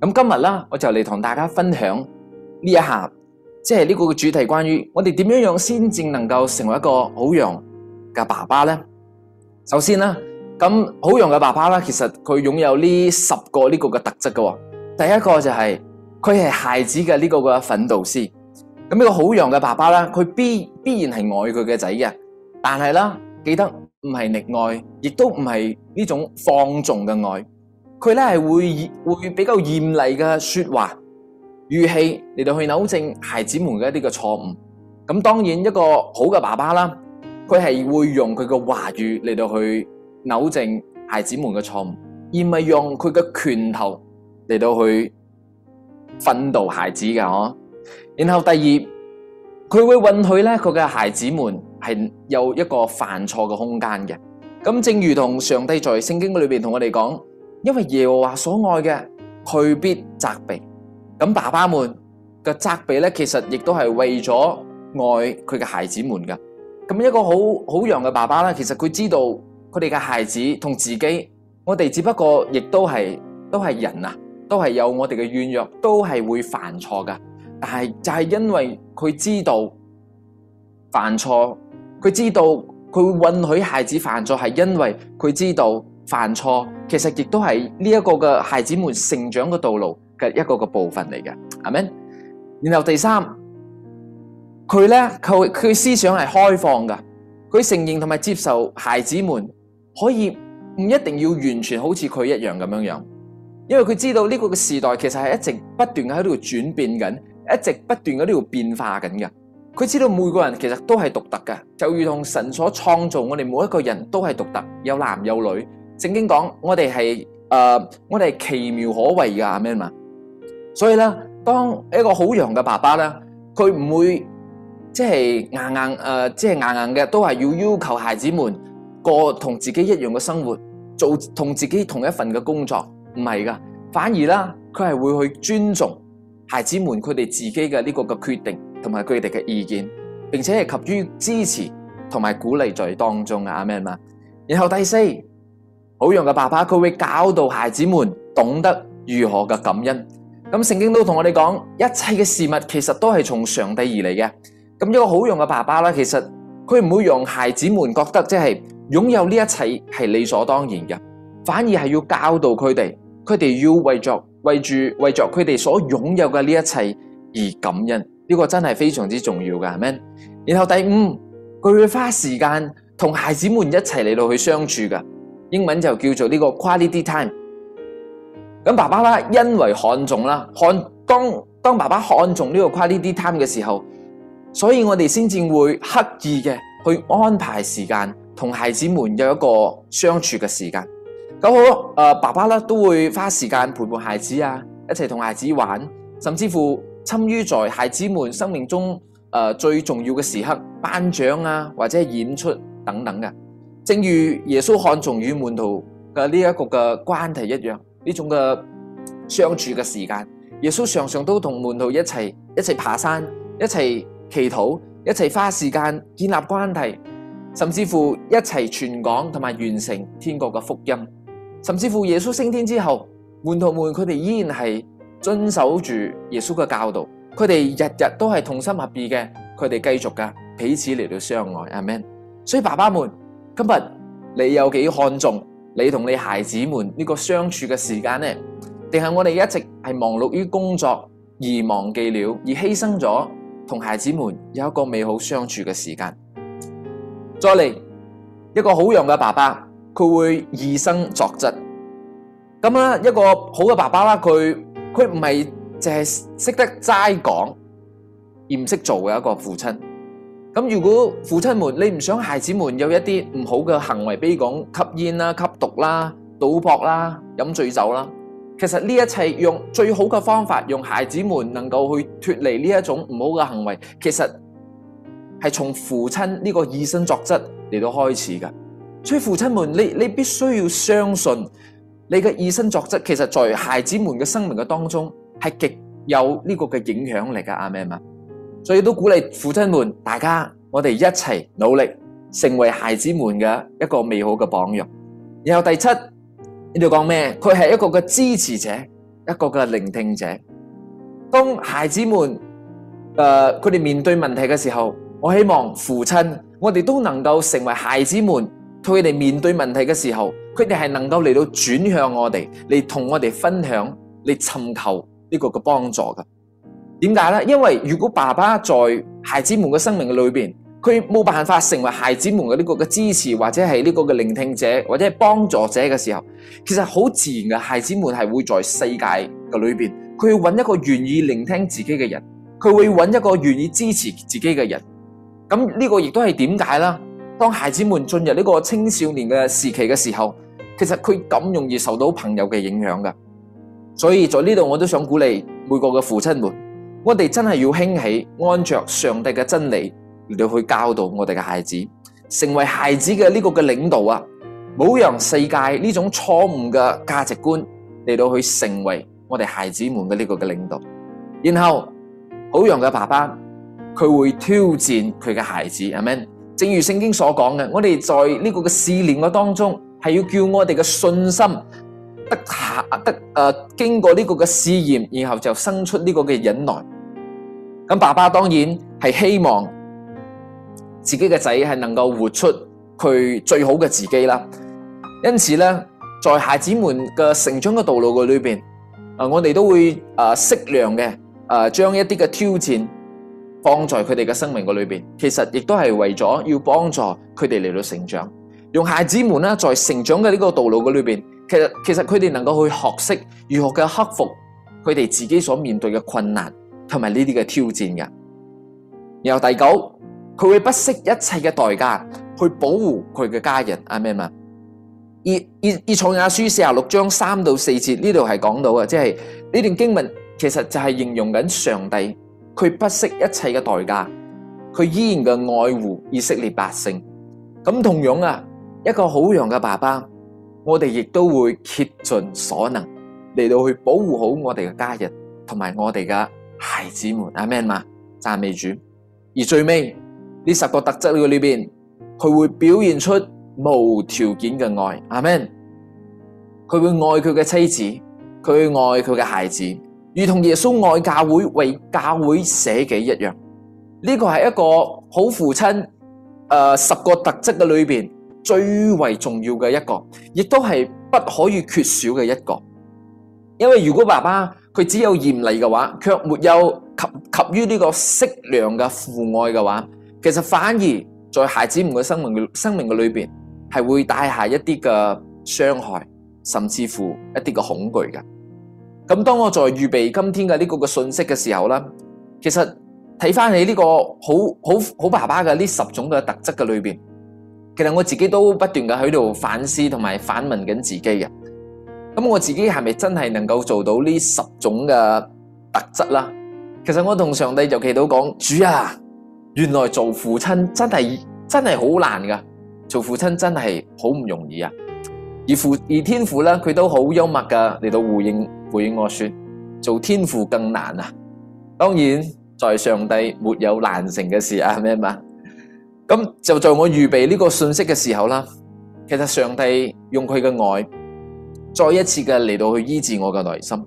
咁今日啦，我就嚟同大家分享呢一下，即係呢個主題，關於我哋點樣樣先正能夠成為一個好樣嘅爸爸呢。首先啦，咁好樣嘅爸爸啦，其實佢擁有呢十個呢個嘅特質喎。第一個就係佢係孩子嘅呢個嘅奮鬥師。咁呢個好樣嘅爸爸啦，佢必，必然係愛佢嘅仔嘅，但係啦，記得唔係溺愛，亦都唔係呢種放縱嘅愛。佢咧係會會比較嚴厲嘅說話語氣嚟到去糾正孩子們嘅一啲錯誤。咁當然一個好嘅爸爸啦，佢係會用佢嘅話語嚟到去糾正孩子們嘅錯誤，而唔係用佢嘅拳頭嚟到去訓導孩子嘅。然後第二，佢會允許咧佢嘅孩子們係有一個犯錯嘅空間嘅。咁正如同上帝在聖經裏面同我哋講。因為耶和華所愛的，佢必責備。咁爸爸們的責備呢，其實也都係為了愛他的孩子們的。咁一個好好樣的爸爸呢，其實他知道他哋嘅孩子同自己，我們只不過也是都係都係人啊，都係有我哋嘅軟弱，都是會犯錯噶。但是就是因為他知道犯錯，他知道他會允許孩子犯錯，是因為他知道。犯錯其實亦都係呢一個嘅孩子們成長嘅道路嘅一個嘅部分嚟嘅，係咪？然後第三，佢咧佢佢思想係開放㗎，佢承認同埋接受孩子們可以唔一定要完全好似佢一樣咁樣樣，因為佢知道呢個嘅時代其實係一直不斷喺度轉變緊，一直不斷喺呢度變化緊嘅。佢知道每個人其實都係獨特嘅，就如同神所創造我哋每一個人都係獨特，有男有女。聖經講我哋係誒，我哋係、呃、奇妙可畏噶，阿咩嘛？所以咧，當一個好樣嘅爸爸咧，佢唔會即係、就是、硬硬誒，即、呃、係、就是、硬硬嘅，都係要要求孩子們過同自己一樣嘅生活，做同自己同一份嘅工作，唔係噶。反而啦，佢係會去尊重孩子們佢哋自己嘅呢個嘅決定同埋佢哋嘅意見，並且係給予支持同埋鼓勵在當中嘅阿咩嘛。Amen? 然後第四。好用嘅爸爸，佢會教導孩子們懂得如何嘅感恩。咁聖經都同我哋講，一切嘅事物其實都係從上帝而嚟嘅。咁一個好用嘅爸爸啦，其實佢唔會讓孩子們覺得即係擁有呢一切係理所當然嘅，反而係要教導佢哋，佢哋要為着為着為着佢哋所擁有嘅呢一切而感恩。呢、這個真係非常之重要㗎，係咪？然後第五，佢會花時間同孩子們一齊嚟到去相處㗎。英文就叫做呢個 quality time。咁爸爸啦，因為看中看重啦，看當，當爸爸看重呢個 quality time 嘅時候，所以我哋先至會刻意嘅去安排時間同孩子們有一個相處嘅時間。咁好、呃、爸爸咧都會花時間陪伴孩子啊，一齊同孩子玩，甚至乎參與在孩子們生命中、呃、最重要嘅時刻，頒獎啊或者演出等等嘅。正如耶穌看重與門徒嘅呢一個嘅關係一樣，呢種嘅相處嘅時間，耶穌常常都同門徒一齊一齊爬山，一齊祈禱，一齊花時間建立關係，甚至乎一齊傳講同埋完成天國嘅福音，甚至乎耶穌升天之後，門徒們佢哋依然係遵守住耶穌嘅教導，佢哋日日都係同心合意嘅，佢哋繼續嘅彼此嚟到相愛，阿門。所以爸爸們。今日你有幾看重你同你孩子們呢個相處嘅時間呢？定係我哋一直係忙碌於工作而忘記了而犧牲咗同孩子們有一個美好相處嘅時間。再嚟一個好樣嘅爸爸，佢會以身作則。咁啊，一個好嘅爸爸啦，佢佢唔係就係識得齋講而唔識做嘅一個父親。咁如果父親們你唔想孩子們有一啲唔好嘅行為，比如講吸煙啦、吸毒啦、賭博啦、飲醉酒啦，其實呢一切用最好嘅方法，用孩子們能夠去脫離呢一種唔好嘅行為，其實係從父親呢個以身作則嚟到開始噶。所以父親們，你你必須要相信你嘅以身作則，其實在孩子們嘅生命嘅當中係極有呢個嘅影響力㗎啊，咩啊？所以都鼓勵父親們，大家我哋一齊努力，成為孩子們嘅一個美好嘅榜樣。然後第七，你哋講咩？佢係一個嘅支持者，一個嘅聆聽者。當孩子們呃佢哋面對問題嘅時候，我希望父親我哋都能夠成為孩子們，同佢哋面對問題嘅時候，佢哋係能夠嚟到轉向我哋，嚟同我哋分享，嚟尋求呢個嘅幫助嘅。點解咧？因為如果爸爸在孩子們嘅生命嘅裏邊，佢冇辦法成為孩子們嘅呢個嘅支持或者係呢個嘅聆聽者或者係幫助者嘅時候，其實好自然嘅，孩子們係會在世界嘅裏邊，佢會揾一個願意聆聽自己嘅人，佢會揾一個願意支持自己嘅人。咁呢個亦都係點解啦？當孩子們進入呢個青少年嘅時期嘅時候，其實佢咁容易受到朋友嘅影響㗎。所以在呢度，我都想鼓勵每個嘅父親們。我們真的要興起，按著上帝的真理嚟到去教導我們的孩子，成為孩子的呢個嘅領導啊！冇讓世界這種錯誤的價值觀來到去成為我們孩子們的呢個嘅領導，然後好樣的爸爸他會挑戰他的孩子，Amen? 正如聖經所講嘅，我們在這個試煉當中是要叫我們的信心，得下得誒、呃，經過呢個嘅試驗，然後就生出呢個嘅忍耐。咁爸爸當然係希望自己嘅仔係能夠活出佢最好嘅自己啦。因此咧，在孩子們嘅成長嘅道路裏邊、呃，我哋都會誒、呃、適量嘅誒、呃、將一啲嘅挑戰放在佢哋嘅生命裏邊。其實亦都係為咗要幫助佢哋嚟到成長，用孩子們咧在成長嘅呢個道路裏邊。其實其實佢哋能夠去學識如何克服佢哋自己所面對嘅困難同埋呢啲嘅挑戰。然後第九，佢會不惜一切嘅代價去保護佢嘅家人。阿媽咪，以以賽亞書四十六章三到四節呢度係講到嘅，即係呢段經文其實就係形容緊上帝佢不惜一切嘅代價，佢依然嘅愛護以色列百姓。咁同樣啊，一個好樣嘅爸爸。我們也都會竭盡所能來到去保護好我們的家人和我們的孩子們，阿 Man 嘛，讚美主。而最尾這十個特質裏邊，佢會表現出無條件的愛，阿 Man，佢會愛佢的妻子，佢會愛佢的孩子，如同耶穌愛教會為教會捨己一樣。這個是一個好父親，誒、呃，十個特質的裏邊。最為重要嘅一個，亦都係不可以缺少嘅一個，因為如果爸爸佢只有嚴厲嘅話，卻沒有及及於呢個適量嘅父愛嘅話，其實反而在孩子們嘅生命嘅生命嘅裏邊，係會帶下一啲嘅傷害，甚至乎一啲嘅恐懼嘅。咁當我在預備今天嘅呢個嘅信息嘅時候咧，其實睇返你呢個好好好爸爸嘅呢十種嘅特質嘅裏邊。其實我自己都不斷嘅喺度反思同埋反問緊自己嘅，咁我自己係咪真係能夠做到呢十種嘅特質啦？其實我同上帝就祈禱講，主啊，原來做父親真係真係好難㗎。做父親真係好唔容易啊。而父而天父呢，佢都好幽默嘅嚟到回應回應我說，做天父更難啊。當然，在上帝沒有難成嘅事啊，係咪？咁就在我預備呢個信息嘅時候啦，其實上帝用佢嘅愛再一次嘅嚟到去醫治我嘅內心。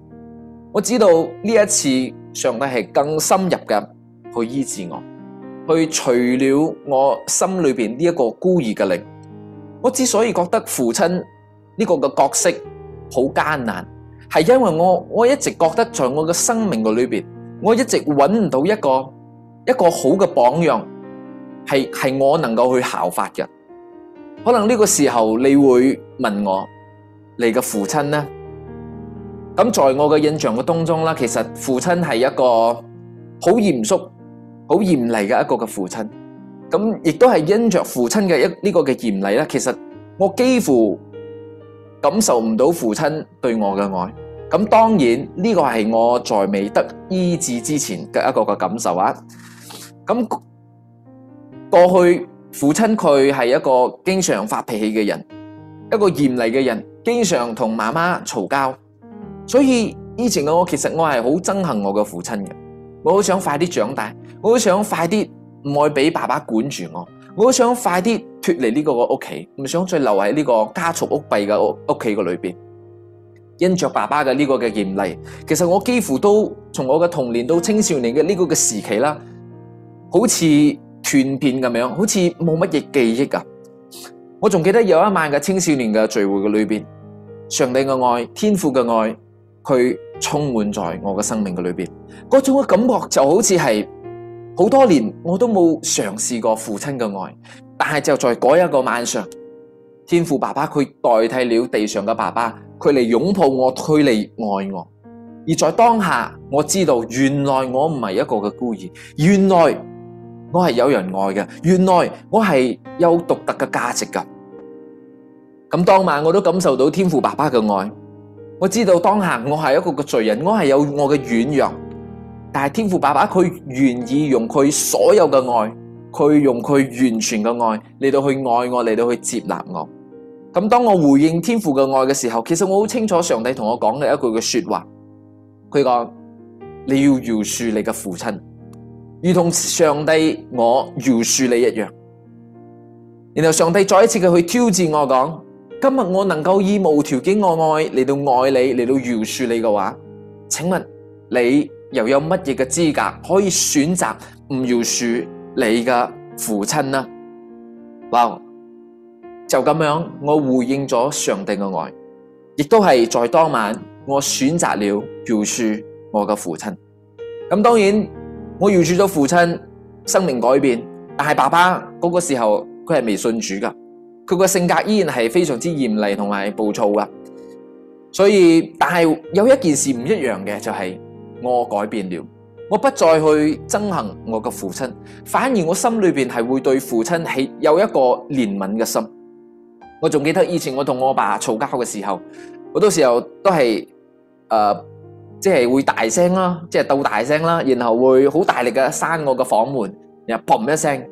我知道呢一次上帝係更深入嘅去醫治我，去除了我心裏邊呢一個孤兒嘅靈。我之所以覺得父親呢個嘅角色好艱難，係因為我我一直覺得在我嘅生命嘅裏邊，我一直揾唔到一個一個好嘅榜樣。係係我能夠去效法嘅，可能呢個時候你會問我，你嘅父親呢？咁在我嘅印象嘅當中啦，其實父親係一個好嚴肅、好嚴厲嘅一個嘅父親。咁亦都係因着父親嘅一呢個嘅嚴厲啦，其實我幾乎感受唔到父親對我嘅愛。咁當然呢個係我在未得醫治之前嘅一個嘅感受啊。咁。過去父親佢係一個經常發脾氣嘅人，一個嚴厲嘅人，經常同媽媽嘈交。所以以前嘅我，其實我係好憎恨我嘅父親嘅。我好想快啲長大，我好想快啲唔愛俾爸爸管住我，我好想快啲脫離呢個嘅屋企，唔想再留喺呢個家族屋弊嘅屋企個裏邊。因着爸爸嘅呢個嘅嚴厲，其實我幾乎都從我嘅童年到青少年嘅呢個嘅時期啦，好似。全片咁樣，好似冇乜嘢記憶啊！我仲記得有一晚嘅青少年嘅聚會嘅裏邊，上帝嘅愛、天父嘅愛，佢充滿在我嘅生命嘅裏邊，嗰種嘅感覺就好似係好多年我都冇嘗試過父親嘅愛，但係就在嗰一個晚上，天父爸爸佢代替了地上嘅爸爸，佢嚟擁抱我、佢嚟愛我，而在當下我知道，原來我唔係一個嘅孤兒，原來。我係有人愛嘅，原來我係有獨特嘅價值㗎。咁當晚我都感受到天父爸爸嘅愛，我知道當下我係一個嘅罪人，我係有我嘅軟弱，但係天父爸爸佢願意用佢所有嘅愛，佢用佢完全嘅愛嚟到去愛我，嚟到去接納我。咁當我回應天父嘅愛嘅時候，其實我好清楚上帝同我講嘅一句嘅說話，佢講，你要饒恕你嘅父親。如同上帝我饒恕你一樣，然後上帝再一次嘅去挑戰我講：今日我能夠以無條件嘅愛愛嚟到愛你，嚟到饒恕你嘅話，請問你又有乜嘢嘅資格可以選擇唔饒恕你嘅父親呢？Wow, 就咁樣，我回應咗上帝嘅愛，亦都係在當晚，我選擇了饒恕我嘅父親。咁當然。我遇住咗父親生命改變，但係爸爸嗰個時候佢係未信主噶，佢個性格依然係非常之嚴厲同埋暴躁噶。所以，但係有一件事唔一樣嘅就係、是、我改變了，我不再去憎恨我嘅父親，反而我心裏面係會對父親係有一個憐憫嘅心。我仲記得以前我同我爸嘈交嘅時候，好多時候都係誒。呃即係會大聲啦，即係鬥大聲啦，然後會好大力嘅閂我嘅房門，然後砰一聲。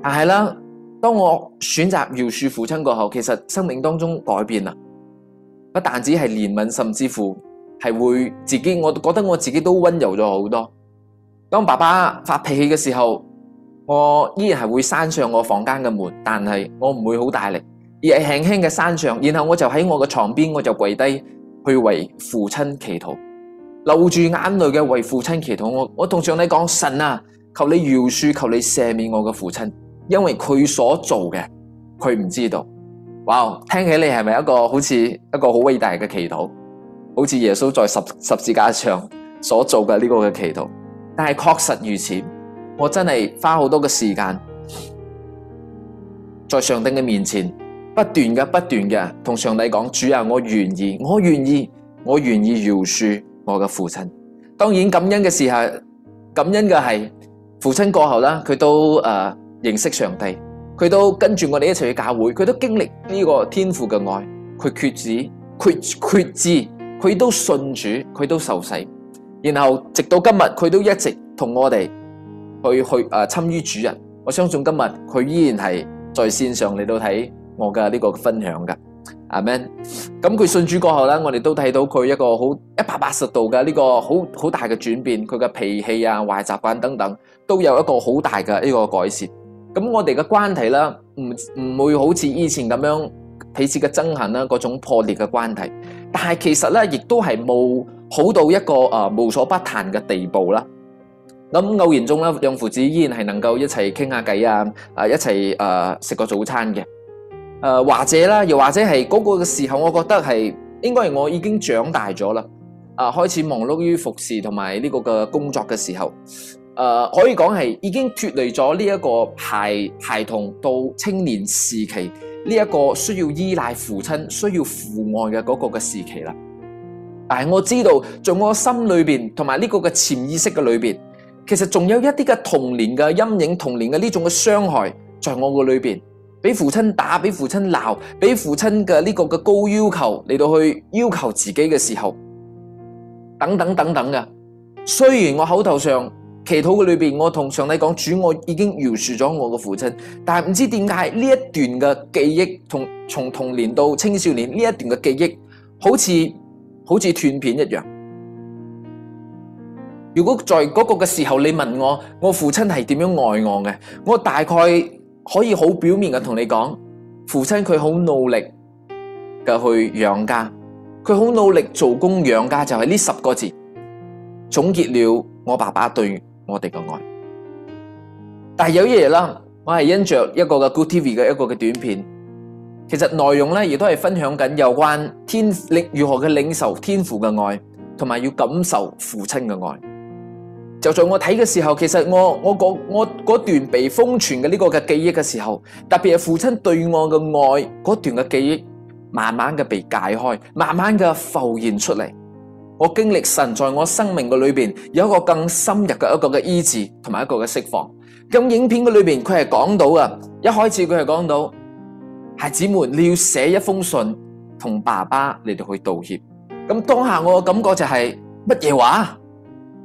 但係啦，當我選擇饒恕父親過後，其實生命當中改變啦，不但止係憐憫，甚至乎係會自己，我覺得我自己都温柔咗好多。當爸爸發脾氣嘅時候，我依然係會閂上我房間嘅門，但係我唔會好大力，而係輕輕嘅閂上，然後我就喺我嘅床邊，我就跪低去為父親祈禱。流住眼淚嘅為父親祈禱我，我我同上帝講，神啊，求你饒恕，求你赦免我嘅父親，因為佢所做嘅佢唔知道。哇，wow，聽起嚟係咪一個好似一個好偉大嘅祈禱？好似耶穌在十十字架上所做嘅呢個嘅祈禱，但係確實如此。我真係花好多嘅時間，在上帝嘅面前不斷嘅不斷嘅同上帝講，主啊，我願意，我願意，我願意饒恕。我嘅父親，當然感恩嘅時候，感恩嘅係父親過後啦，佢都誒、呃、認識上帝，佢都跟住我哋一齊去教會，佢都經歷呢個天父嘅愛，佢決志，佢決志，佢都信主，佢都受洗，然後直到今日佢都一直同我哋去去誒、呃、參與主人。我相信今日佢依然係在綫上嚟到睇我嘅呢個分享㗎。阿門，咁佢信主過後啦，我哋都睇到佢一個好一百八十度嘅呢個好好大嘅轉變，佢嘅脾氣啊、壞習慣等等，都有一個好大嘅呢個改善。咁我哋嘅關係啦，唔唔會好似以前咁樣彼此嘅憎恨啦，嗰種破裂嘅關係。但係其實咧，亦都係冇好到一個誒、呃、無所不談嘅地步啦。咁偶然中啦，兩父子依然係能夠一齊傾下偈啊，啊、呃、一齊誒食個早餐嘅。誒、呃、或者啦，又或者係嗰個嘅時候，我覺得係應該係我已經長大咗啦。啊、呃，開始忙碌於服侍同埋呢個嘅工作嘅時候，誒、呃、可以講係已經脫離咗呢一個孩孩童到青年時期呢一個需要依賴父親、需要父愛嘅嗰個嘅時期啦。但係我知道，在我心裏面，同埋呢個嘅潛意識嘅裏面，其實仲有一啲嘅童年嘅陰影、童年嘅呢種嘅傷害在我個裏面。俾父親打，俾父親鬧，俾父親嘅呢個高要求嚟到去要求自己嘅時候，等等等等嘅。雖然我口頭上祈禱嘅裏邊，我同上帝講主，我已經饒恕咗我嘅父親，但係唔知點解呢一段嘅記憶，從童年到青少年呢一段嘅記憶，好似好似斷片一樣。如果在嗰個嘅時候，你問我我父親係點樣愛我嘅，我大概。可以好表面嘅同你講，父親佢好努力嘅去養家，佢好努力做工養家，就係呢十個字總結了我爸爸對我哋嘅愛。但係有嘢啦，我係因着一個嘅 Good TV 嘅一個嘅短片，其實內容呢也亦都係分享緊有關天如何去領受天父嘅愛，同埋要感受父親嘅愛。就在我睇嘅時候，其實我我嗰我嗰段被封存嘅呢個嘅記憶嘅時候，特別係父親對我嘅愛嗰段嘅記憶，慢慢嘅被解開，慢慢嘅浮現出嚟。我經歷神在我生命嘅裏邊有一個更深入嘅一個嘅醫治同埋一個嘅釋放。咁影片嘅裏邊佢係講到啊，一開始佢係講到，孩子們你要寫一封信同爸爸，你哋去道歉。咁當下我嘅感覺就係乜嘢話？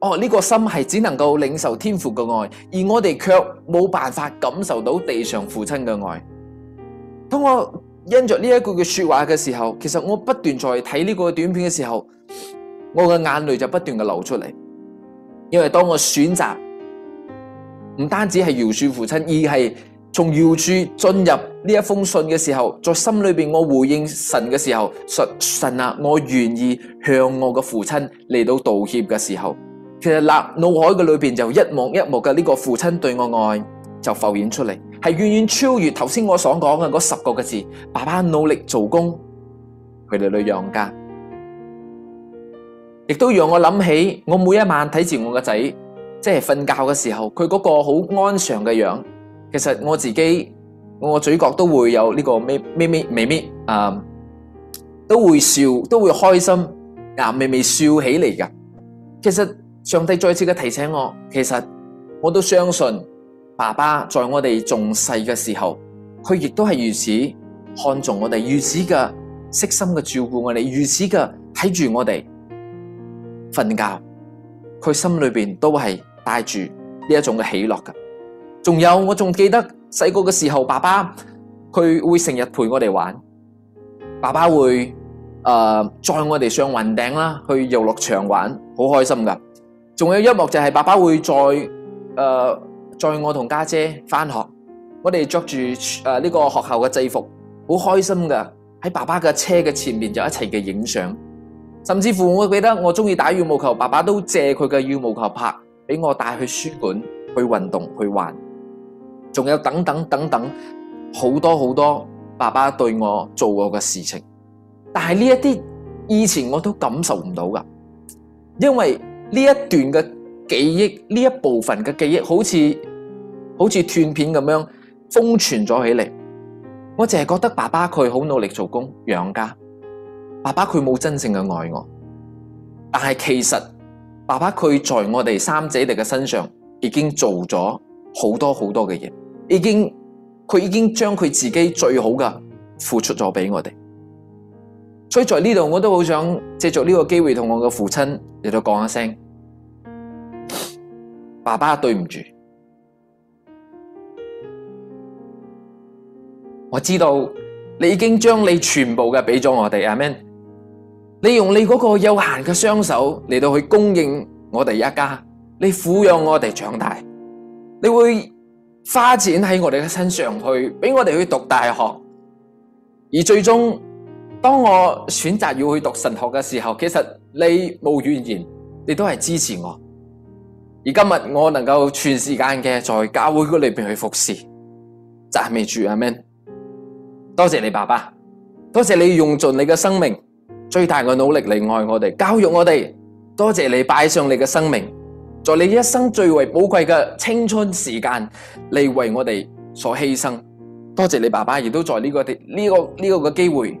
哦，呢個心係只能夠領受天父嘅愛，而我哋卻冇辦法感受到地上父親嘅愛。當我因着呢一句嘅說話嘅時候，其實我不斷在睇呢個短片嘅時候，我嘅眼淚就不斷嘅流出嚟。因為當我選擇唔單止係饒恕父親，而係從饒恕進入呢一封信嘅時候，在心裏邊我回應神嘅時候，神神啊，我願意向我嘅父親嚟到道歉嘅時候。其實立腦海嘅裏邊就一幕一幕嘅呢個父親對我愛就浮現出嚟，係遠遠超越頭先我所講嘅嗰十個嘅字。爸爸努力做工，佢哋嚟養家，亦都讓我諗起我每一晚睇住我嘅仔，即係瞓覺嘅時候，佢嗰個好安詳嘅樣。其實我自己，我嘴角都會有呢個咪咪咪微微啊，都會笑，都會開心啊，微微笑起嚟嘅。其實。上帝再次嘅提醒我，其實我都相信爸爸在我哋仲細嘅時候，佢亦都係如此看重我哋，如此嘅悉心嘅照顧我哋，如此嘅睇住我哋瞓覺，佢心裏面都係帶住呢一種嘅喜樂嘅。仲有我仲記得細個嘅時候，爸爸佢會成日陪我哋玩，爸爸會呃載我哋上雲頂啦，去遊樂場玩，好開心㗎。仲有一幕就係爸爸會載、呃、載我同家姐返學，我哋着住呢個學校嘅制服，好開心㗎，喺爸爸嘅車嘅前面就一齊嘅影相，甚至乎我記得我鍾意打羽毛球，爸爸都借佢嘅羽毛球拍畀我帶去書館去運動去玩，仲有等等等等好多好多爸爸對我做過嘅事情，但係呢一啲以前我都感受唔到噶，因為。呢一段嘅記憶，呢一部分嘅記憶好似，好似好似斷片咁樣封存咗起嚟。我淨係覺得爸爸佢好努力做工養家，爸爸佢冇真正嘅愛我。但係其實爸爸佢在我哋三姐弟嘅身上已經做咗好多好多嘅嘢，已經佢已經將佢自己最好嘅付出咗俾我哋。所以在呢度，我都好想借着呢個機會同我嘅父親嚟到講一聲，爸爸對唔住，我知道你已經將你全部嘅俾咗我哋，阿 Man，你用你嗰個有限嘅雙手嚟到去供應我哋一家，你撫養我哋長大，你會花錢喺我哋嘅身上去俾我哋去讀大學，而最終。當我選擇要去讀神學嘅時候，其實你冇怨言、言，你都係支持我。而今日我能夠全時間嘅在教會嗰裏面去服侍，讚美主啊！阿們，多謝你爸爸，多謝你用盡你嘅生命最大嘅努力嚟愛我哋、教育我哋。多謝你擺上你嘅生命，在你一生最為寶貴嘅青春時間嚟為我哋所犧牲。多謝你爸爸也、呢個，亦都在呢個呢、呢個嘅機會，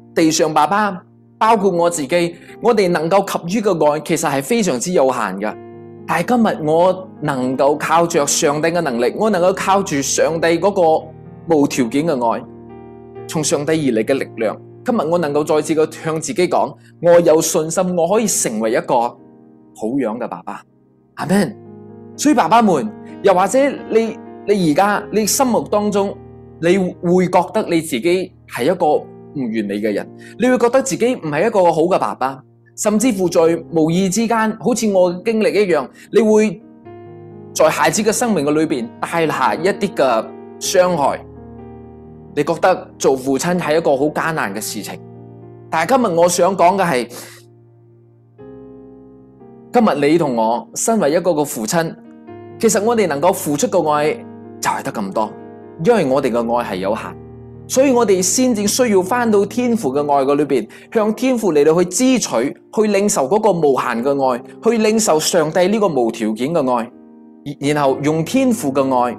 地上爸爸，包括我自己，我哋能夠給予嘅愛其實係非常之有限嘅。但係今日我能夠靠住上帝嘅能力，我能夠靠住上帝嗰個無條件嘅愛，從上帝而嚟嘅力量。今日我能夠再次嘅向自己講，我有信心，我可以成為一個好樣嘅爸爸。阿們。所以爸爸們，又或者你你而家你心目當中，你會覺得你自己係一個唔完美嘅人，你會覺得自己唔係一個好嘅爸爸，甚至乎在無意之間，好似我嘅經歷一樣，你會在孩子嘅生命裏邊帶下一啲嘅傷害。你覺得做父親係一個好艱難嘅事情，但係今日我想講嘅係，今日你同我身為一個嘅父親，其實我哋能夠付出嘅愛就係得咁多，因為我哋嘅愛係有限。所以我哋先至需要返到天父嘅愛嘅裏邊，向天父嚟到去支取，去領受嗰個無限嘅愛，去領受上帝呢個無條件嘅愛，然後用天父嘅愛，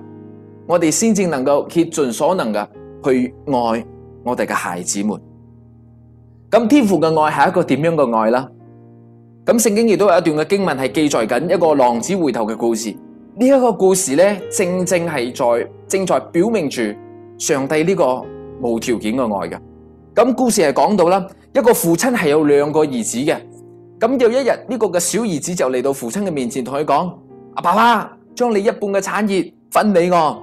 我哋先至能夠竭盡所能嘅去愛我哋嘅孩子們。咁天父嘅愛係一個點樣嘅愛啦？咁聖經亦都有一段嘅經文係記載緊一個浪子回頭嘅故事。呢一個故事咧，正正係在正在表明住上帝呢個。無條件嘅愛嘅，咁故事係講到啦，一個父親係有兩個兒子嘅，咁有一日呢個嘅小兒子就來到父親嘅面前同佢講：爸爸，將你一半嘅產業分給我，啊。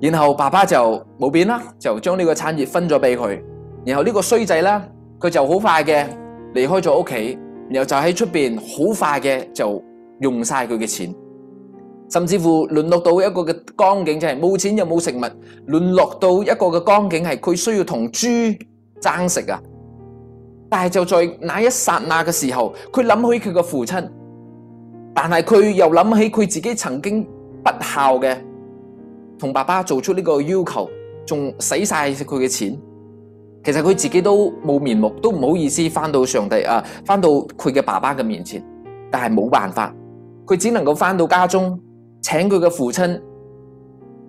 然後爸爸就冇變啦，就將呢個產業分咗畀佢。然後呢個衰仔佢就好快嘅離開咗屋企。然後就喺出邊好快嘅就用晒佢嘅錢。甚至乎淪落到一個嘅光景，就係冇錢又冇食物，淪落到一個嘅光景係佢需要同豬爭食啊！但係就在那一剎那嘅時候，佢諗起佢嘅父親，但係佢又諗起佢自己曾經不孝嘅，同爸爸做出呢個要求，仲使晒佢嘅錢。其實佢自己都冇面目，都唔好意思返到上帝啊，返到佢嘅爸爸嘅面前。但係冇辦法，佢只能夠返到家中。請佢嘅父親，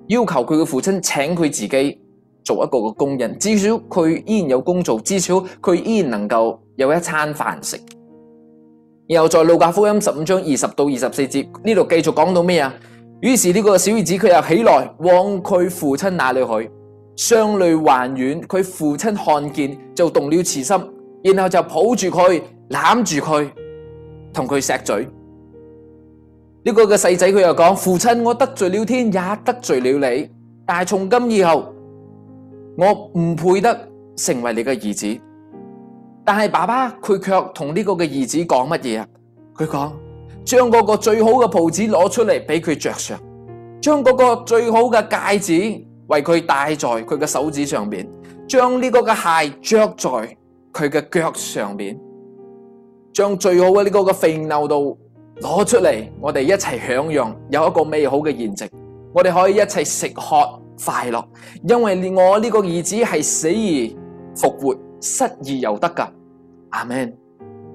要求佢嘅父親請佢自己做一個工人，至少佢依然有工作，至少佢依然能夠有一餐飯食。然後在路加福音十五章二十到二十四節呢度繼續講到咩啊？於是呢個小兒子佢又起來往佢父親那裏去，相距還遠，佢父親看見就動了慈心，然後就抱住佢攬住佢，同佢錫嘴。呢、這個嘅細仔佢又講：父親，我得罪了天，也得罪了你。但是從今以後，我唔配得成為你嘅兒子。但係爸爸佢卻同呢個嘅兒子講乜嘢啊？佢講：將嗰個最好嘅袍子攞出嚟俾佢着上，將嗰個最好嘅戒指為佢戴在佢嘅手指上面，將呢個嘅鞋着在佢嘅腳上面，將最好嘅呢個嘅肥牛度。攞出嚟，我哋一齊享用，有一個美好嘅筵席，我哋可以一齊食喝，快樂，因為我呢個兒子係，死而復活，失而又得噶。阿門。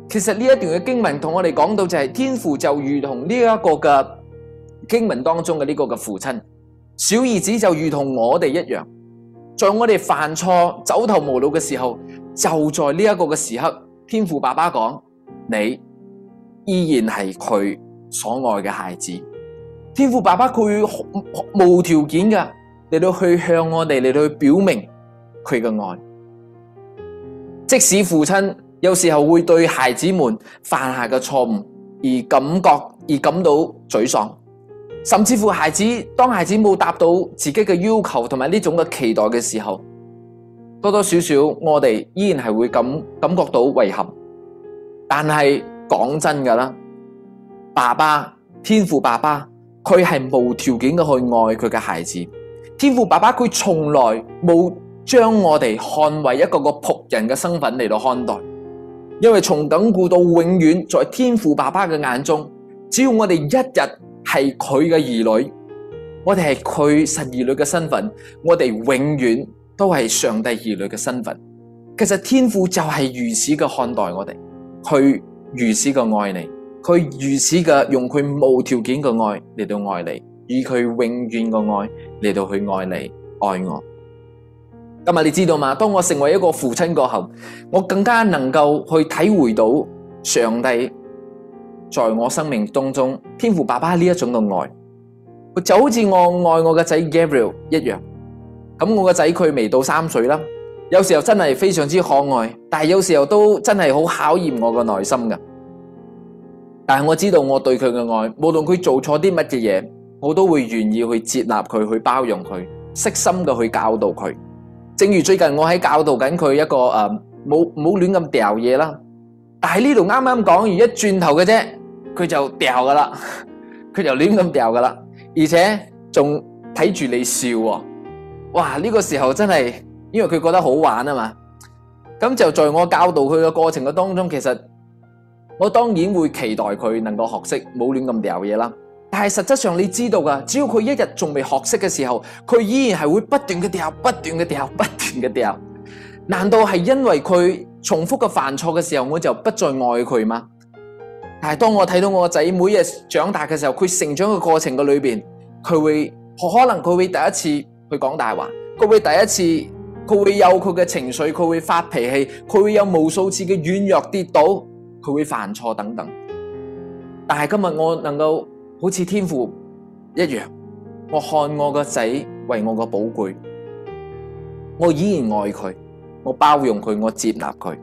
其實呢一段嘅經文同我哋講到就係天父就如同呢一個嘅經文當中嘅呢個嘅父親，小兒子就如同我哋一樣，在我哋犯錯、走投無路嘅時候，就在呢一個嘅時刻，天父爸爸講你。依然係佢所愛嘅孩子，天父爸爸佢無條件嘅嚟到去向我哋嚟到去表明佢嘅愛。即使父親有時候會對孩子們犯下嘅錯誤而感覺而感到沮喪，甚至乎孩子當孩子冇達到自己嘅要求同埋呢種嘅期待嘅時候，多多少少我哋依然係會感感覺到遺憾，但係。講真㗎啦，爸爸天父爸爸佢係無條件嘅去愛佢嘅孩子，天父爸爸佢從來冇將我哋看為一個個僕人嘅身份嚟到看待，因為從亙古到永遠，在天父爸爸嘅眼中，只要我哋一日係佢嘅兒女，我哋係佢十二女嘅身份，我哋永遠都係上帝兒女嘅身份。其實天父就係如此嘅看待我哋，去，如此嘅愛你，佢如此嘅用佢無條件嘅愛嚟到愛你，以佢永遠嘅愛嚟到去愛你愛我。今日你知道嗎？當我成為一個父親過後，我更加能夠去體會到上帝在我生命當中天父爸爸呢一種嘅愛，就好似我愛我嘅仔 Gabriel 一樣。咁我嘅仔佢未到三歲啦。有時候真係非常之可愛，但係有時候都真係好考驗我個內心噶。但係我知道我對佢嘅愛，無論佢做錯啲乜嘅嘢，我都會願意去接納佢去包容佢悉心嘅去教導佢，正如最近我喺教導緊佢一個誒，冇冇亂咁掉嘢啦，但係呢度剛剛講完一轉頭嘅啫，佢就掉㗎喇，佢就亂咁掉噶啦，而且仲睇住你笑喎。哇！呢個時候真係因為佢覺得好玩啊嘛，咁就在我教導佢嘅過程嘅當中，其實我當然會期待佢能夠學識冇亂咁掉嘢啦。但係實質上你知道㗎，只要佢一日仲未學識嘅時候，佢依然係會不斷嘅掉，不斷嘅掉，不斷嘅掉。難道係因為佢重複嘅犯錯嘅時候，我就不再愛佢嗎？但係當我睇到我個仔每日長大嘅時候，佢成長嘅過程裏面佢會可能佢會第一次去講大話，佢會第一次。佢會有佢嘅情緒，佢會發脾氣，佢會有無數次嘅軟弱跌倒，佢會犯錯等等。但係今日我能夠好似天父一樣，我看我個仔為我個寶貴，我依然愛佢，我包容佢，我接納佢，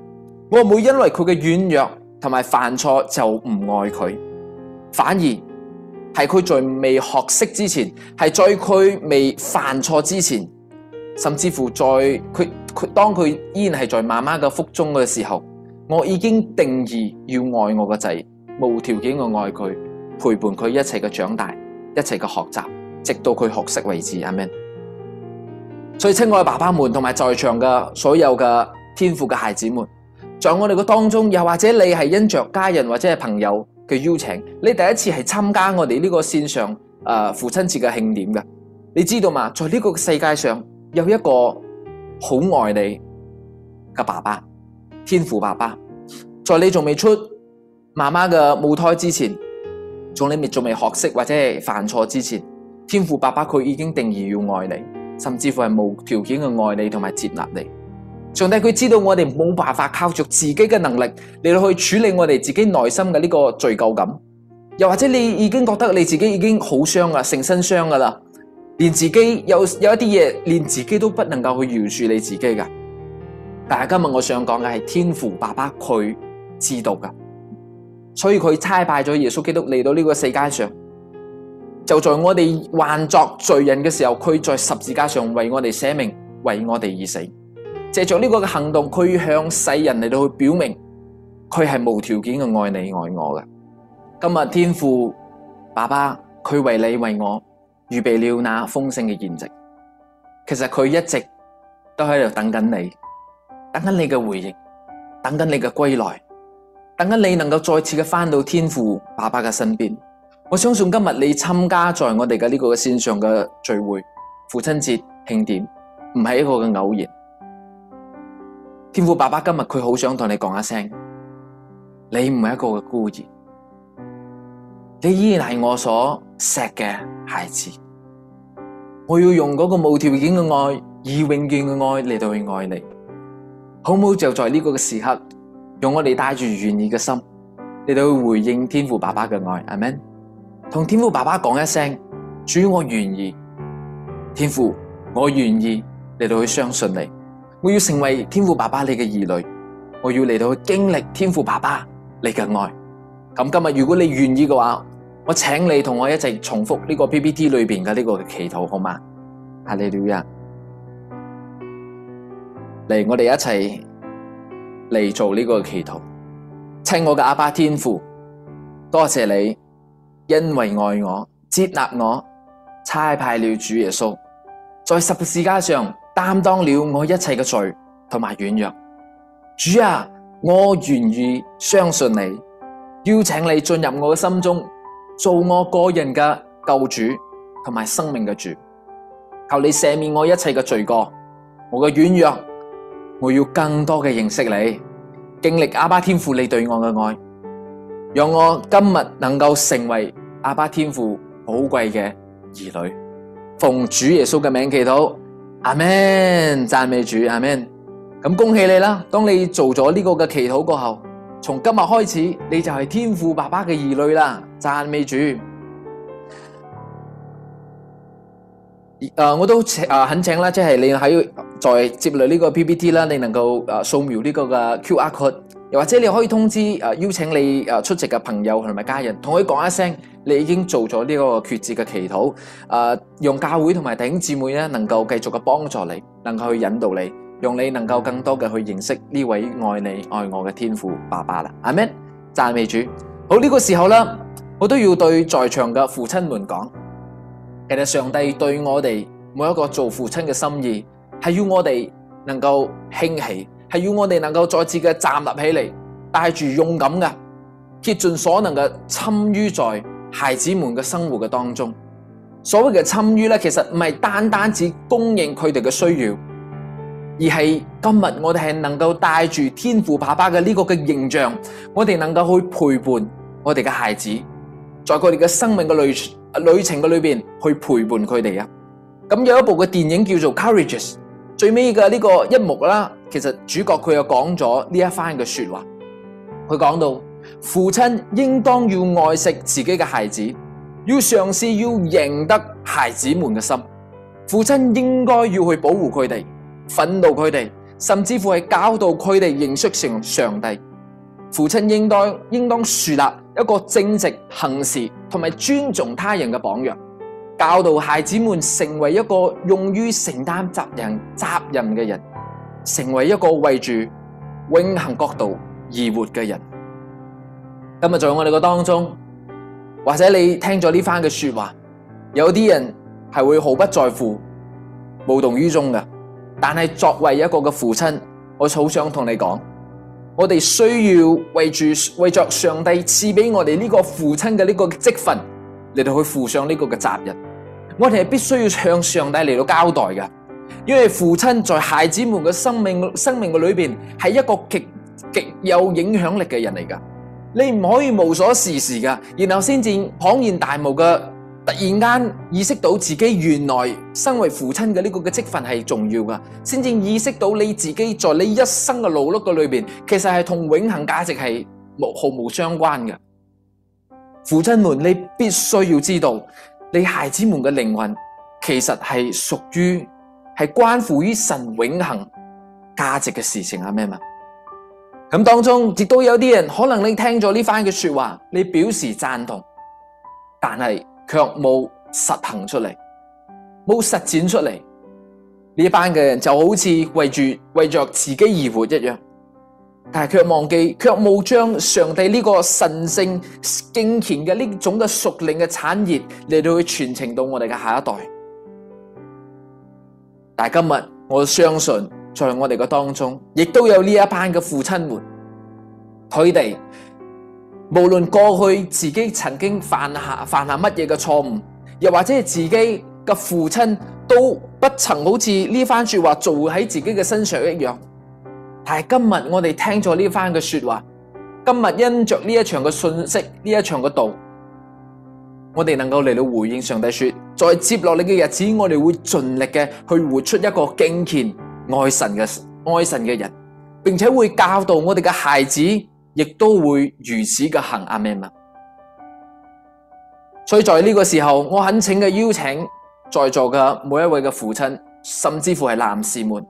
我唔會因為佢嘅軟弱同埋犯錯就唔愛佢，反而係佢在未學識之前，係在佢未犯錯之前。甚至乎在佢佢當佢依然係在媽媽嘅腹中嘅時候，我已經定義要愛我個仔，無條件嘅愛佢，陪伴佢一齊嘅長大，一齊嘅學習，直到佢學識為止，阿們。所以親愛嘅爸爸們，同埋在場嘅所有嘅天父嘅孩子們，在我哋嘅當中，又或者你係因着家人或者係朋友嘅邀請，你第一次係參加我哋呢個線上誒、呃、父親節嘅慶典嘅，你知道嘛？在呢個世界上。有一個好愛你嘅爸爸，天父爸爸，在你仲未出媽媽嘅母胎之前，仲你未仲未學識或者係犯錯之前，天父爸爸佢已經定義要愛你，甚至乎係無條件嘅愛你同埋接納你。上帝佢知道我哋冇辦法靠著自己嘅能力嚟去處理我哋自己內心嘅呢個罪疚感，又或者你已經覺得你自己已經好傷啊，成身傷㗎喇。連自己有有一啲嘢，連自己都不能夠去饒恕你自己㗎，但係今日我想講嘅係：「天父爸爸佢知道㗎。」所以佢差派咗耶穌基督嚟到呢個世界上，就在我哋還作罪人嘅時候，佢在十字架上為我哋捨命，為我哋而死。借着呢個嘅行動，佢向世人嚟到去表明，佢係無條件嘅愛你愛我㗎。今日天，天父爸爸佢為你為我，預備了那豐盛嘅筵席，其實佢一直都喺度等緊你，等緊你嘅回應，等緊你嘅歸來，等緊你能夠再次嘅返到天父爸爸嘅身邊。我相信今日你參加在我哋嘅呢個線上嘅聚會，父親節慶典，唔係一個嘅偶然。天父爸爸今日佢好想同你講一聲，你唔係一個嘅孤兒，你依然是我所錫嘅孩子，我要用嗰個無條件嘅愛，以永遠嘅愛嚟到去愛你，好唔好？就在呢個嘅時刻，用我哋帶住願意嘅心嚟到去回應天父爸爸嘅愛，阿們，同天父爸爸講一聲，主我願意，天父我願意嚟到去相信你，我要成為天父爸爸你嘅兒女，我要嚟到去經歷天父爸爸你嘅愛。咁今日如果你願意嘅話，我請你同我一齊重複呢個 PPT 裏邊嘅呢個祈禱，好嘛？哈利路亞，嚟我哋一齊嚟做呢個祈禱。親愛我嘅阿爸天父，多謝你，因為愛我接納我，差派了主耶穌，在十字架上擔當了我一切嘅罪同埋軟弱。主啊，我願意相信你，邀請你進入我嘅心中。做我個人嘅救主同埋生命嘅主，求你赦免我一切嘅罪過，我嘅軟弱，我要更多嘅認識你，經歷阿爸天父你對我嘅愛，讓我今日能夠成為阿爸天父寶貴嘅兒女。奉主耶穌嘅名祈禱，阿門，讚美主，阿門。咁恭喜你啦！當你做咗呢個嘅祈禱過後，從今日開始，你就係天父爸爸嘅兒女啦。讚美主，誒、uh，我都誒懇請啦，即係你喺在，在接落呢個 PPT 啦，你能夠誒掃描呢個嘅 QR code，又或者你可以通知誒邀請你誒出席嘅朋友同埋家人，同佢講一聲，你已經做咗呢個決志嘅祈禱，誒，讓教會同埋弟兄姊妹咧能夠繼續嘅幫助你，能夠去引導你，讓你能夠更多嘅去認識呢位愛你愛我嘅天父爸爸啦。阿們，讚美主，好呢，這個時候啦。我都要對在場嘅父親們講，其實上帝對我哋每一個做父親嘅心意，係要我哋能夠興起，係要我哋能夠再次嘅站立起嚟，帶住勇敢嘅，竭盡所能嘅參與在孩子們嘅生活嘅當中。所謂嘅參與呢，其實唔係單單只供應佢哋嘅需要，而係今日我哋係能夠帶住天父爸爸嘅呢個嘅形象，我哋能夠去陪伴我哋嘅孩子。在佢哋嘅生命嘅旅程嘅裏邊，去陪伴佢哋啊！咁有一部嘅電影叫做《Courageous》，最尾嘅呢個一幕啦，其實主角佢又講咗呢一番嘅說話。佢講到：父親應當要愛惜自己嘅孩子，要嘗試要贏得孩子們嘅心。父親應該要去保護佢哋，憤怒佢哋，甚至乎係教導佢哋認識成上帝。父親應當應當樹立。一個正直行事同埋尊重他人嘅榜樣，教導孩子們成為一個勇於承擔責任、責任嘅人，成為一個為住永恒國度而活嘅人。今日在我哋的當中，或者你聽咗呢番嘅說話，有啲人係會毫不在乎、無動於衷的。但係作為一個嘅父親，我好想同你講。我哋需要為住為着上帝賜畀我哋呢個父親嘅呢個職份，嚟到去負上呢個嘅責任。我哋係必須要向上帝嚟到交代噶，因為父親在孩子們嘅生命生命裏邊係一個極極有影響力嘅人嚟噶。你唔可以無所事事噶，然後先至恍然大悟嘅。突然間意識到自己原來身為父親嘅呢個嘅職分係重要㗎，先至意識到你自己在你一生嘅勞碌個裏邊，其實係同永恒價值係無毫無相關嘅。父親們，你必須要知道，你孩子們嘅靈魂其實係屬於係關乎於神永恒價值嘅事情啊，咩嘛？咁當中亦都有啲人可能你聽咗呢番嘅說話，你表示贊同，但係。卻冇實行出嚟，冇實踐出嚟，呢一班嘅人就好似為住為着自己而活一樣，但係卻忘記，卻冇將上帝呢個神聖敬虔嘅呢種嘅屬靈嘅產業嚟到去傳承到我哋嘅下一代。但係今日，我相信在我哋嘅當中，亦都有呢一班嘅父親們，佢哋，無論過去自己曾經犯下犯下乜嘢嘅錯誤，又或者係自己嘅父親都不曾好似呢番說話做喺自己嘅身上一樣。但係今日我哋聽咗呢番嘅說話，今日因着呢一場嘅信息，呢一場嘅道，我哋能夠嚟到回應上帝說，再接落嚟嘅日子，我哋會盡力嘅去活出一個敬虔愛神嘅愛神嘅人，並且會教導我哋嘅孩子。亦都會如此嘅行，阿們，所以在呢個時候，我懇請的邀請在座嘅每一位嘅父親，甚至乎係男士們，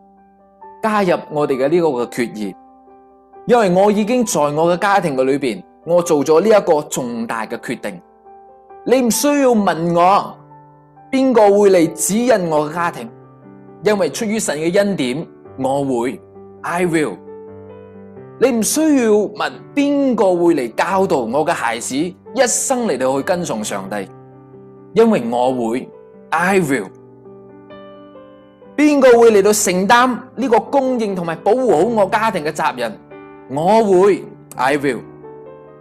加入我哋嘅呢個決議，因為我已經在我嘅家庭裏面我做咗呢一個重大嘅決定。你唔需要問我邊個會嚟指引我嘅家庭，因為出於神嘅恩典，我會，I will。你唔需要問邊個會嚟教導我嘅孩子一生嚟到去跟從上帝，因為我會，I will。邊個會嚟到承擔呢個供應同埋保護好我家庭嘅責任？我會，I will。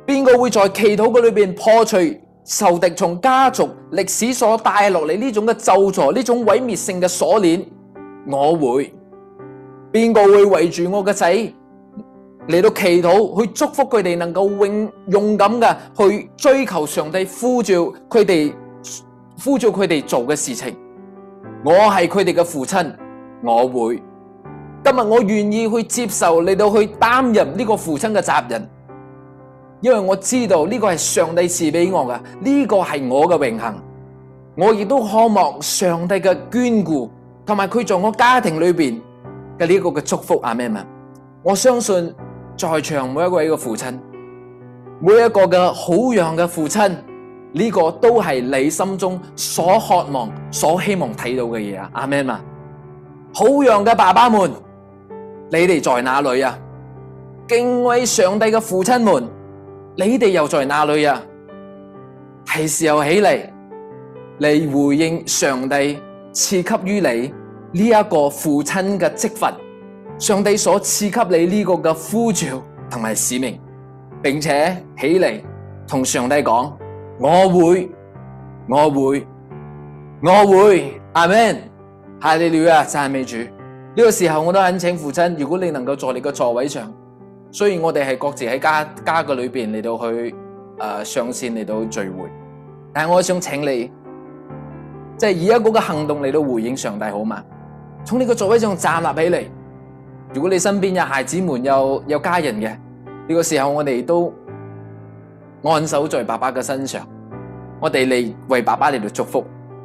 邊個會在祈禱嘅裏面破除仇敵從家族歷史所帶落嚟呢種嘅咒詛、呢種毀滅性嘅鎖鏈？我會。邊個會圍住我嘅仔？嚟到祈禱，去祝福佢哋能夠勇敢嘅去追求上帝呼召佢哋，呼召佢哋，做嘅事情。我係佢哋嘅父親，我會，今日我願意去接受嚟到去擔任呢個父親嘅責任，因為我知道呢個是上帝賜畀我嘅，呢個係我嘅榮幸。我亦都渴望上帝嘅眷顧，同埋佢在我家庭裏邊嘅呢個祝福阿們，我相信。在場每一位嘅父親，每一個嘅好樣嘅父親，呢、這個都是你心中所渴望、所希望睇到嘅嘢西阿 Man，好樣嘅爸爸們，你哋在哪裏啊？敬畏上帝嘅父親們，你哋又在哪裏啊？係時候起嚟嚟回應上帝賜給於你呢一、這個父親嘅職分。上帝所賜給你呢個嘅呼召同埋使命，並且起嚟同上帝講，我會，我會，我會，阿門，哈利路亞，讚美主！呢、這個時候我都懇請父親，如果你能夠在你個座位上，雖然我哋係各自喺家家嘅裏面嚟到去，呃、上線嚟到聚會，但係我想請你，即係以一個行動嚟到回應上帝好嘛？從你個座位上站立起嚟。如果你身邊有孩子們，有有家人嘅，呢個時候，我哋都按手在爸爸嘅身上，我哋嚟為爸爸嚟到祝福，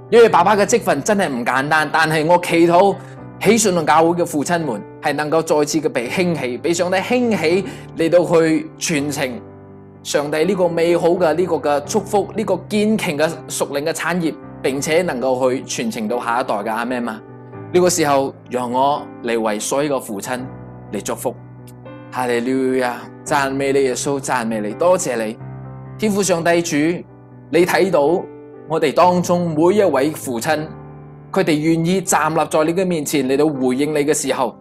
因為爸爸嘅職份真係唔簡單。但係我祈禱起信同教會嘅父親們係能夠再次嘅被興起，被上帝興起嚟到去傳承上帝呢個美好嘅呢個嘅祝福，呢個堅強嘅屬靈嘅產業，並且能夠去傳承到下一代嘅阿們啊。呢、這個時候，讓我嚟為所有嘅父親嚟祝福，哈利路亞，讚美你耶穌，讚美你，多謝你，天父上帝主，你睇到我哋當中每一位父親，佢哋願意站立在你嘅面前嚟到回應你嘅時候，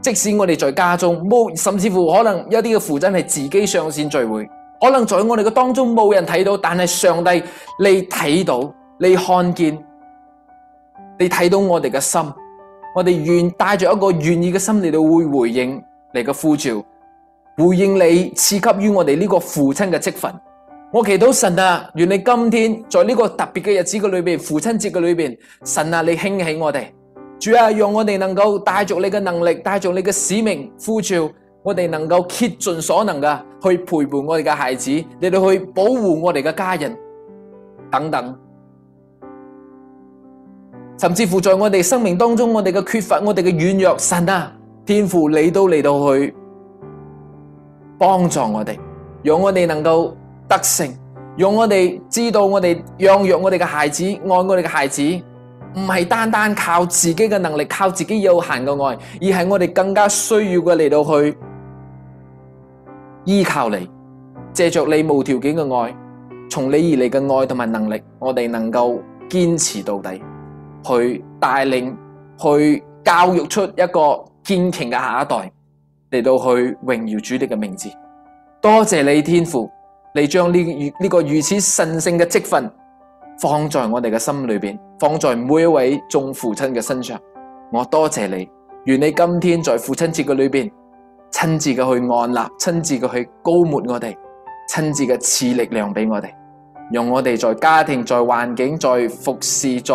即使我哋在家中冇，甚至乎可能一啲嘅父親係自己上線聚會，可能在我哋嘅當中冇人睇到，但係上帝你睇到，你看見，你睇到我哋嘅心。我哋願帶住一個願意嘅心，嚟到會回應你嘅呼召，回應你賜給於我哋呢個父親嘅積分。我祈禱神啊，願你今天在呢個特別嘅日子嘅裏面，父親節嘅裏面，神啊，你興起我哋，主啊，讓我哋能夠帶住你嘅能力，帶住你嘅使命呼召，我哋能夠竭盡所能噶去陪伴我哋嘅孩子，嚟到去保護我哋嘅家人等等。甚至乎在我哋生命當中，我哋嘅缺乏，我哋嘅軟弱，神啊，天父，你都嚟到去幫助我哋，讓我哋能夠得勝，讓我哋知道我哋養育我哋嘅孩子，愛我哋嘅孩子，唔係單單靠自己嘅能力，靠自己有限嘅愛，而係我哋更加需要嘅嚟到去依靠你，借着你無條件嘅愛，從你而嚟嘅愛同埋能力，我哋能夠堅持到底。去帶領去教育出一個堅強嘅下一代，嚟到去榮耀主你嘅名字。多謝你天父，你將呢呢、呢個如此神聖嘅職份放在我哋嘅心裏邊，放在每一位眾父親嘅身上。我多謝你，願你今天在父親節嘅裏邊親自嘅去按立，親自嘅去膏抹我哋，親自嘅賜力量俾我哋，用我哋在家庭、在環境、在服侍、在。